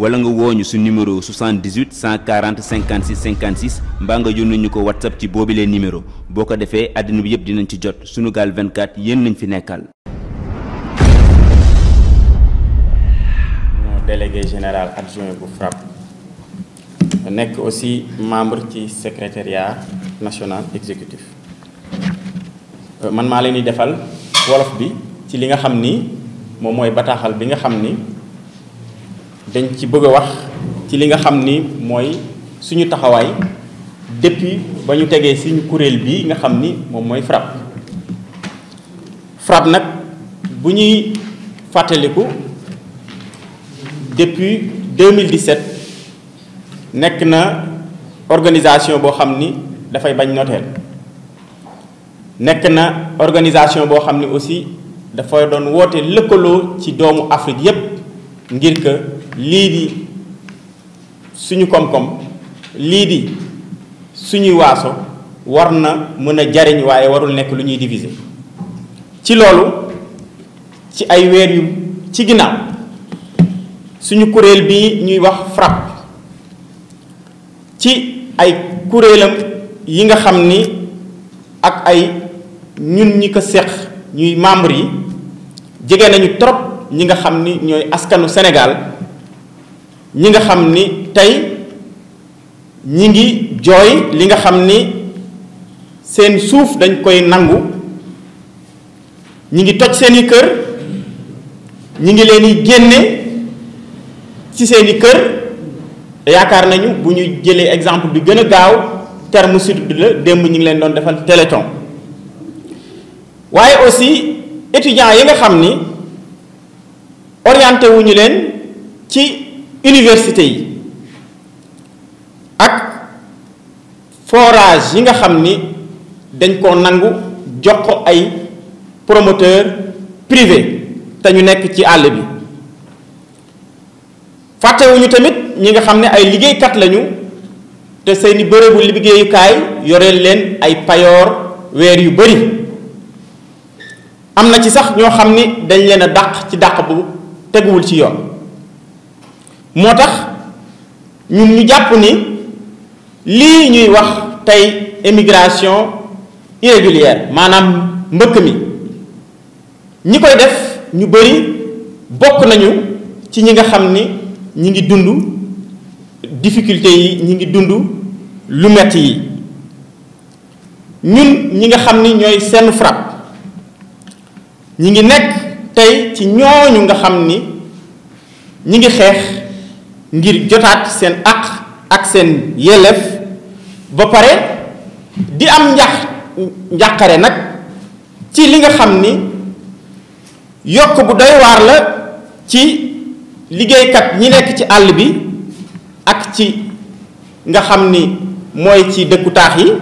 wala nga wooñu su numéro 78 140 56 56 mbaa nga yónnee ñu ko whatsapp ci boobilee numéro boo ko defee àddina bi yëpp dinañ ci jot Sunugal 24 yéen nañ fi nekkal. délégué général adjoint bu FRAPP nekk aussi membre ci secrétariat national exécutif euh, man maa leen di defal wolof bi ci li nga xam ni moom mooy bataaxal bi nga xam ni. dañ ci bëgg a wax ci li nga xam ni mooy suñu taxawaay depuis ba ñu tegee suñu kuréel bi nga xam ni moom mooy FRAPP FRAPP nag bu ñuy fàttaliku depuis 2017 nekk na organisation boo xam ni dafay bañ noteel nekk na organisation boo xam ni aussi dafa doon woote lëkkaloo ci doomu Afrique yépp ngir que lii di suñu koom-koom lii di suñuy waaso war na mën a jariñ waaye warul nekk lu ñuy diviser ci loolu ci ay weer yu ci ginnaaw suñu kuréel bi ñuy wax FRAPP ci ay kuréelam yi nga xam ni ak ay ñun ñi ko seq ñuy membre yi jege nañu trop ñi nga xam ni ñooy askanu Sénégal ñi nga xam ni tey ñi ngi jooy li nga xam ni seen suuf dañ koy nangu ñi ngi toj seeni kër ñi ngi leen yi génne ci seeni kër yaakaar nañu bu ñu jëlee exemple bi gën a gaaw terme sud la démb ñi ngi leen doon defal téléthon waaye aussi étudiants yi nga xam ni orienté wuñu leen ci université yi ak forage yi nga xam ni dañ ko nangu jox ko ay promoteur privé te ñu nekk ci àll bi fàttewuñu tamit ñi nga xam ne ay liggéeykat lañu te seeni bërëbu liggéeyukaay yore leen ay payoor weer yu bari am na ci sax ñoo xam ni dañ leen a dàq ci dàq bu teguwul ci yoon moo tax ñun ñu jàpp ni lii ñuy wax tey émigration irrégulière maanaam mbëkk mi ñi koy def ñu bëri bokk nañu ci ñi nga xam ni ñi ngi dund difficulté yi ñi ngi dund lu mett yi ñun ñi nga xam ni ñooy seen FRAPP ñi ngi nekk tey ci ñooñu nga xam ni ñi ngi xeex ngir jotaat seen àq ak seen yelleef ba pare di am njax njàqare nag ci li nga xam ni yokk bu doy waar la ci liggéeykat ñi nekk ci àll bi ak ci nga xam ni mooy ci dëkku taax yi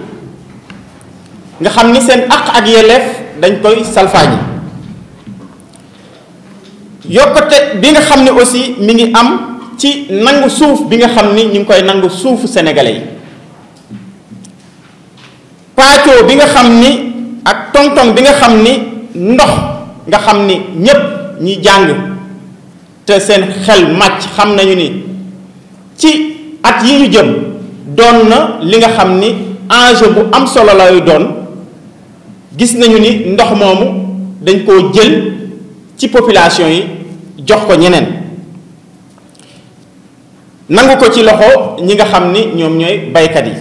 nga xam ni seen àq ak yelleef dañ koy salfaañi yokkute bi nga xam ni aussi mi ngi am ci nangu suuf bi nga xam ni ñu ngi koy nangu suufu sénégalais yi paacoo bi nga xam ni ak tongtong bi nga xam ni ndox nga xam ni ñépp ñi jàng te seen xel màcc xam nañu ni ci at yi ñu jëm doon na li nga xam ni enjeu bu am solo lay doon gis nañu ni ndox moomu dañ koo jël ci population yi jox ko ñeneen nangu ko ci loxo ñi nga xam ni ñoom ñooy baykat yi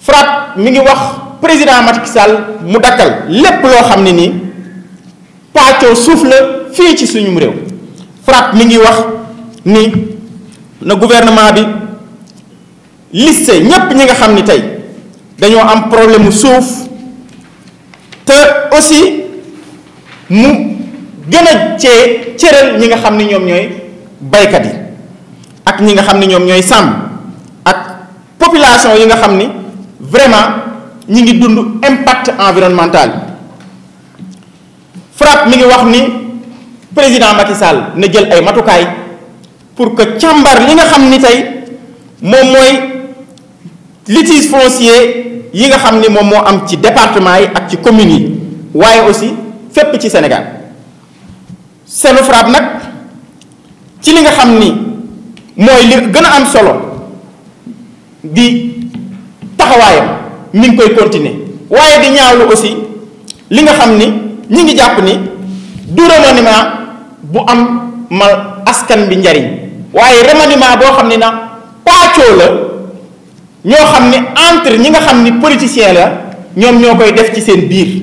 frat mi ngi wax président Macky Sall mu dakkal lépp loo xam ne nii pàccoo suuf la fii ci suñu réew FRAPP mi ngi wax ni na gouvernement bi liste ñépp ñi nga xam ni tey dañoo am problème mu suuf te aussi mu gën a cee cëral ñi nga xam ni ñoom ñooy baykat yi ñi nga xam ne ñoom ñooy sàmm ak population yi nga xam ni vraiment ñi ngi dund impact environnemental FRAPP mi ngi wax ni président Macky na jël ay matukaay pour que càmbar li nga xam ni tey moom mooy litige foncier yi nga xam ni moom moo am ci département yi ak ci communes yi waaye aussi fépp ci Sénégal seenu FRAPP nag ci li nga xam ni mooy li gën a am solo di taxawaayam mi ngi koy continuer waaye di ñaawlu aussi li nga xam ni ñi ngi jàpp ni du remaniement bu am ma askan bi njariñ waaye remaniement boo xam ne na paacoo la ñoo xam ne entre ñi nga xam ni politicien la ñoom ñoo koy def ci seen biir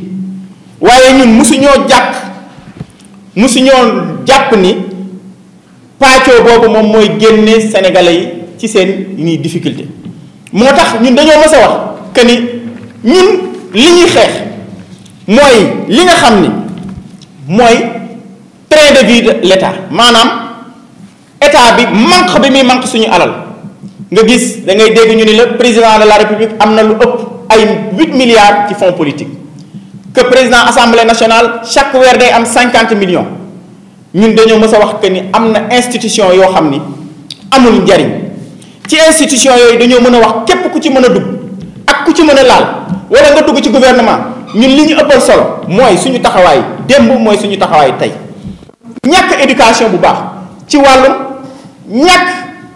waaye ñun musuñoo jàpp musuñoo jàpp ni pàccoo boobu moom mooy génne sénégalais yi ci seen ñuy difficulté moo tax ñun dañoo mës a wax que ni ñun li ñuy xeex mooy li nga xam ni mooy train de vie de maanaam état bi manque bi muy manque suñu alal nga gis da ngay dégg ñu ni la président de la république am na lu ëpp ay huit milliards ci fonds politique que président assemblée nationale chaque weer day am cinquante millions ñun dañoo mës a wax que ni am na institution yoo xam ni amul njariñ ci institution yooyu dañoo mën a wax képp ku ci mën a dugg ak ku ci mën a laal wala nga dugg ci gouvernement ñun li ñu ëppal solo mooy suñu taxawaay démb mooy suñu taxawaay tey. ñàkk éducation bu baax ci wàllum ñàkk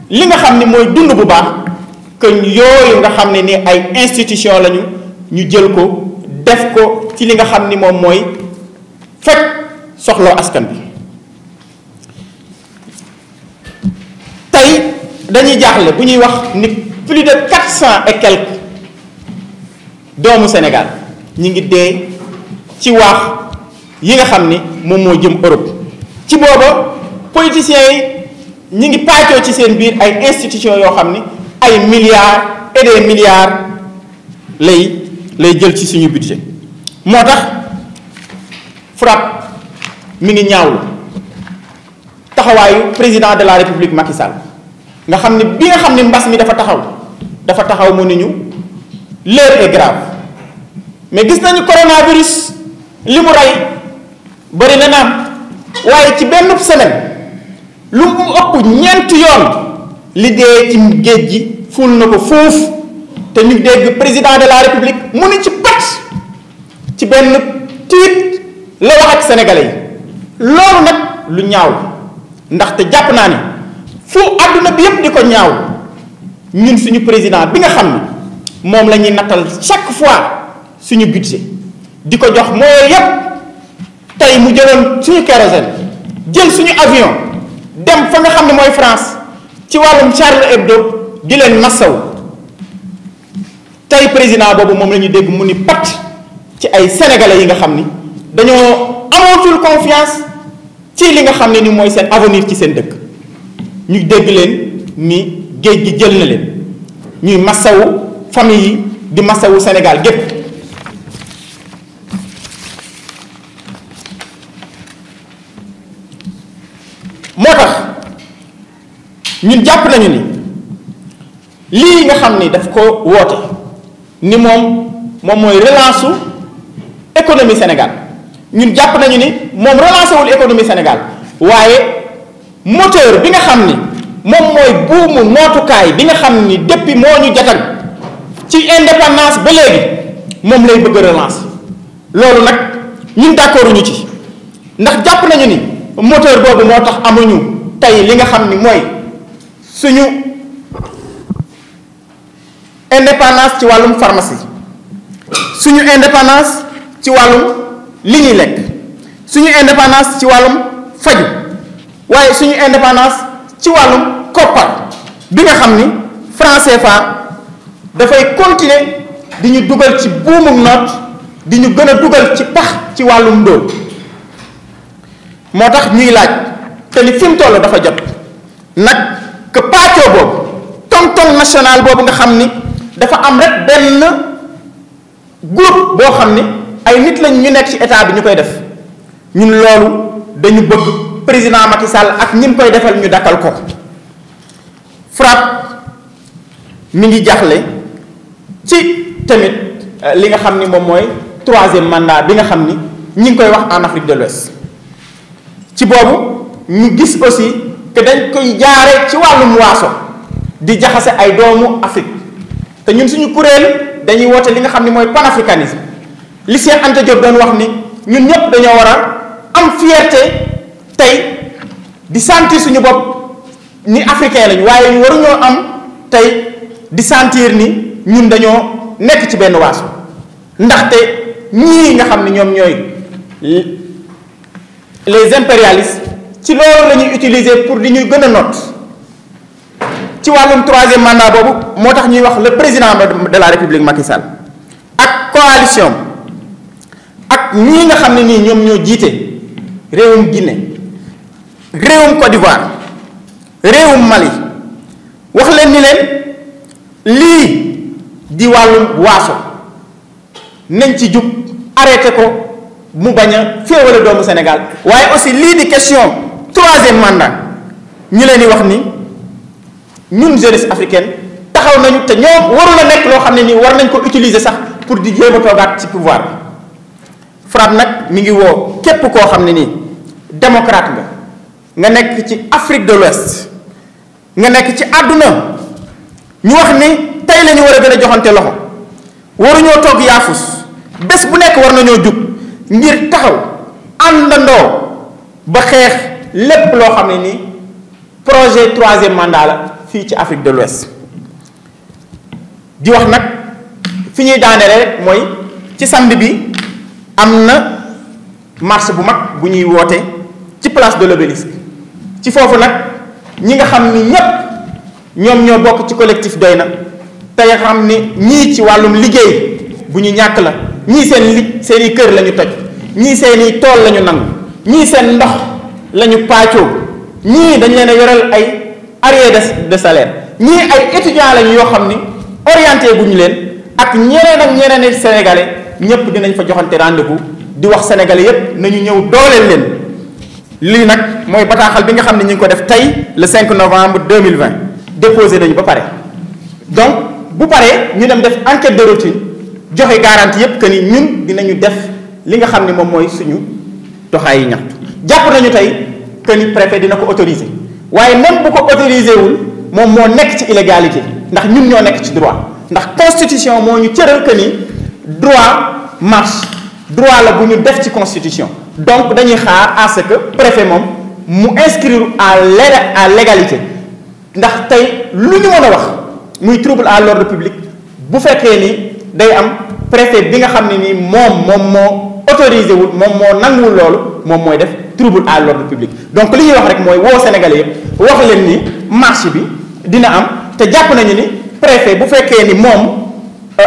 li nga xam ni mooy dund bu baax que yooyu nga xam ne ni ay institution lañu ñu jël ko def ko ci li nga xam ni moom mooy fekk soxloo askan bi. dañuy jaaxle bu ñuy wax ni plus de quatre cent et doomu Sénégal ñi ngi dee ci waax yi nga xam ni moom moo jëm Europe ci booba politiciens yi ñi ngi paccoo ci seen biir ay institutions yoo xam ni ay milliards et des milliards lay lay jël ci suñu budget moo tax FRAPP mi ngi ñaawlu taxawaayu président de la république Macky Sall nga xam ne bi nga xam ne mbas mi dafa taxaw dafa taxaw mu ni ñu l'heure est grave mais gis nañu coronavirus li mu rey bëri na naam waaye ci benn semaine lu mu ëpp ñeenti yoon li ci géej gi ful na ko fuuf te ñu dégg président de la république mu ni ci pat ci benn tiit la wax ak sénégalais yi loolu nag lu ñaaw ndaxte jàpp naa ni fu àdduna bi yépp di ko ñaaw ñun suñu président bi nga xam ne moom la ñuy nattal chaque fois suñu budget di ko jox mooy yépp tey mu jëloon suñu kérosène jël suñu avion dem fa nga xam ne mooy France ci wàllum Charlie Hebdo di leen massaw tey président boobu moom la ñu dégg mu ni pat ci ay sénégalais yi nga xam ni dañoo amootul confiance ci li nga xam ne ni mooy seen avenir ci seen dëkk ñu dégg leen ni géej gi jël na leen ñuy masawu famille yi di masawu Sénégal gépp moo tax ñun jàpp nañu ni lii nga xam ni daf ko woote ni moom moom mooy relance économie senegal ñun jàpp nañu ni moom relancé wul économie waaye moteur bi nga xam ni moom mooy buumu nootukaay bi nga xam ni depuis moo ñu jatal ci indépendance ba léegi moom lay bëgg a loolu nag ñun d'accord ci ndax jàpp nañu ni moteur boobu moo tax amuñu tey li nga xam ni mooy suñu indépendance ci wàllum pharmacie suñu indépendance ci wàllum li ñuy lekk suñu indépendance ci wàllum faju waaye suñu indépendance ci wàllum koppar bi nga xam ni franc CFA dafay continuer di ñu dugal ci buumum noot di ñu gën a dugal ci pax ci wàllum ndóol moo tax ñuy laaj te ni fi mu dafa jot nag que boobu boobu tonton national boobu nga xam ni dafa am rek benn groupe boo xam ni ay nit lañ ñu nekk ci état bi ñu koy def ñun loolu dañu bëgg président Macky Sall ak ñi mu koy defal ñu dakkal ko FRAPP mi ngi jaxle ci tamit euh, li nga xam ni moom mooy troisième mandat bi nga xam ni ñi ngi koy wax en Afrique de l'Ouest ci boobu ñu gis aussi que dañ koy jaare ci wàllum waaso di jaxase ay doomu Afrique te ñun suñu kuréel dañuy woote li nga xam ni mooy panafricanisme li Cheikh Anta doon wax ni ñun ñëpp dañoo war am fierté tey di sentir suñu bopp ni africain lañu waaye ñu waruñoo am tey di sentir ni ñun dañoo nekk ci benn waasu ndaxte ñii nga xam ne ñoom ñooy les impérialistes ci loolu la ñuy utiliser pour di ñuy gën a noot ci wàllum troisième mandat boobu moo tax ñuy wax le président de la république Macky Sall ak coalition ak ñii nga xam ne nii ñoom ñoo jiite réewum Guinée réewum Côte d'Ivoire réewum Mali wax leen ni leen lii di wàllum waaso nañ ci jub arrêté ko mu bañ a féewale doomu Sénégal waaye aussi lii di question troisième mandat ñu leen di wax ni ñun jeunesse africaine taxaw nañu te ñoom warul a nekk loo xam ne nii war nañ ko utiliser sax pour di jéem a toogaat ci pouvoir FRAPP nag mi ngi woo képp koo xam ne nii démocrate nga nga nekk ci Afrique de l'Ouest nga nekk ci àdduna ñu wax ni tey la ñu war a gën a joxante loxo waruñoo toog yaafus bés bu nekk war nañoo jug ngir taxaw àndandoo ba xeex lépp loo xam ne ni projet troisième mandat la fii ci Afrique de l'Ouest di wax nag fi ñuy daanelee mooy ci samedi bi am na marche bu mag bu ñuy woote ci place de l'Obélisque ci foofu nag ñi nga xam ni ñépp ñoom ñoo bokk ci collectif doy na te nga xam ni ñii ci wàllum liggéey bu ñu ñàkk la ñii seen li seen i kër lañu ñu toj ñii seeni tool la ñu nangu ñii seen ndox la ñu paacoo ñii dañ leen a yoral ay arriérés de salaire ñii ay étudiants lañu yoo xam ni orienté bu ñu leen ak ñeneen ak ñeneen sénégalais ñépp dinañ fa joxante rendez-vous di wax sénégalais yépp nañu ñëw dooleel leen lii nag mooy bataaxal bi nga xam ne ñu ngi ko def tey le 5 novembre 2020 déposé nañu ba pare donc bu paree ñu dem def enquête de routine joxe garantie yépp que ni ñun dinañu def li nga xam ne moom mooy suñu doxaayu ñaxtu jàpp nañu tey que ni préfet dina ko autoriser waaye même bu ko autorisé wul moom moo nekk ci illégalité ndax ñun ñoo nekk ci droit ndax constitution moo ñu cëral que ni droit marche droit la bu ñu def ci constitution donc dañuy xaar à ce moom mu inscrire à l' à l'égalité ndax tey lu ñu mën a wax muy trouble à l'ordre public bu fekkee ni day am préfet bi nga xam ne nii moom moom moo autorisé wul moom moo nanguwul loolu moom mooy def trouble à l'ordre public donc li ñuy wax rek mooy woo Sénégalais yëpp wax leen ni marche bi dina am te jàpp nañu ni préfet bu fekkee ni moom euh,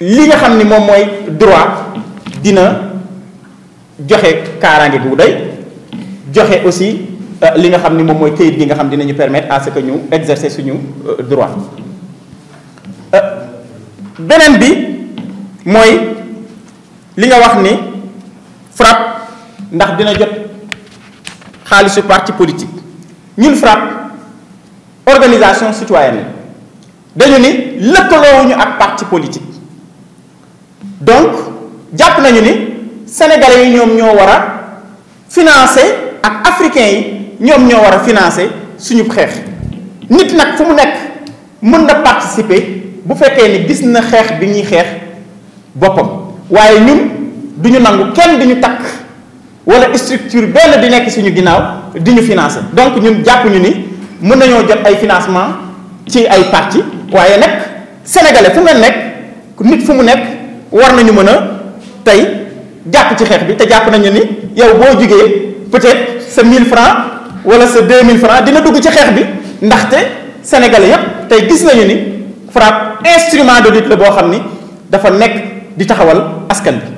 li nga xam ni moom mooy droit dina joxe kaaraange gu doy joxe aussi euh, li nga xam ni moom mooy këyit gi nga xam dinañu permettre à ce que ñu exercer suñu euh, droit euh, beneen bi mooy li nga wax ni FRAPP ndax dina jot xaalisu parti politique ñun FRAPP organisation citoyenne dañu ni lëkkaloowuñu ak parti politique donc jàpp nañu ni sénégalais yi ñoom ñoo war a financer ak africains yi ñoom ñoo war a financer suñu xeex nit nag fu mu nekk mën na participer bu fekkee ni gis na xeex bi ñuy xeex boppam waaye ñun du ñu nangu kenn di ñu takk wala structure benn di nekk suñu ginnaaw di ñu financer donc ñun jàpp ñu ni mën nañoo jot ay financement ci ay parti waaye nag sénégalais fu nga nekk nit fu mu nekk. war nañu mën a tey jàpp ci xeex bi te jàpp nañu ni yow boo jugee peut-être sa 1000 francs wala sa 2000 francs dina dugg ci xeex bi ndaxte sénégal yépp tey gis nañu ni FRAPP instrument de lutte la boo xam ni dafa nekk di taxawal askan bi